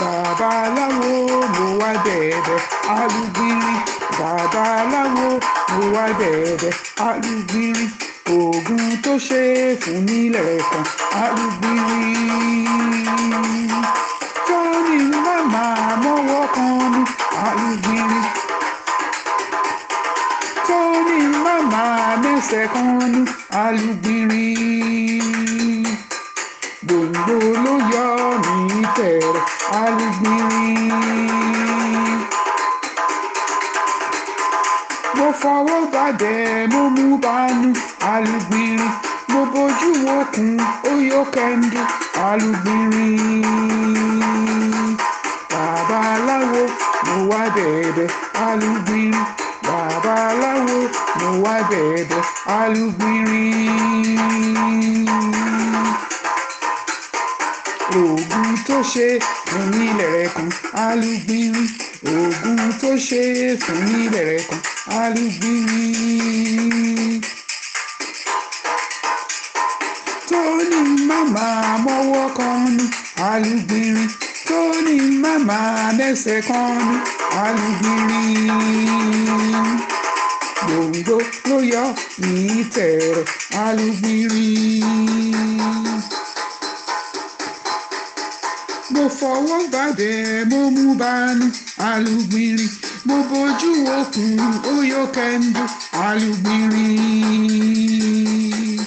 babaláwo mo wá bẹ̀bẹ̀ alùgbìrì babaláwo mo wá bẹ̀bẹ̀ alùgbìrì oògùn tó ṣe é fún nílẹ̀ kan alùgbìrì. jọ́ni mama máa mọ́wọ́ kan ní alùgbìrì. jọ́ni mama máa mẹ́sẹ̀ kan ní alùgbìrì. Bulbul yomiter aliznili. Mo fọwọ́ bàdẹ̀ mo mú bánú alùgbìnrin. Mo bójú wòkun ó yó kẹ́ndú alùgbìnrin. Babaláwo mo wá bẹ̀bẹ̀ alùgbìnrin. Babaláwo mo wá bẹ̀bẹ̀ alùgbìnrin. oògùn tó ṣe fún ní lẹ̀rẹ̀kùn alúgbìnrin oògùn tó ṣe fún ní lẹ̀rẹ̀kùn alúgbìnrin. tóní màmá mọ́wọ́ kan ní alúgbìnrin tóní màmá lẹ́sẹ̀ kan ní alúgbìnrin gbòǹgbò ló yọ ní tẹ̀rẹ̀ alúgbìnrin. mo fọwọ́ gbàbẹ̀ mo mú bani alùgbìnrin mo bójú òkun ó yọ kẹ́ńdú alùgbìnrin.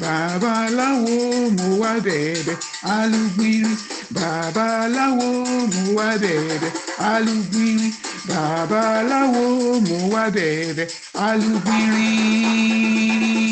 babaláwo mo wá bẹ̀bẹ̀ alùgbìnrin babaláwo mo wá bẹ̀bẹ̀ alùgbìnrin babaláwo mo wá bẹ̀bẹ̀ alùgbìnrin.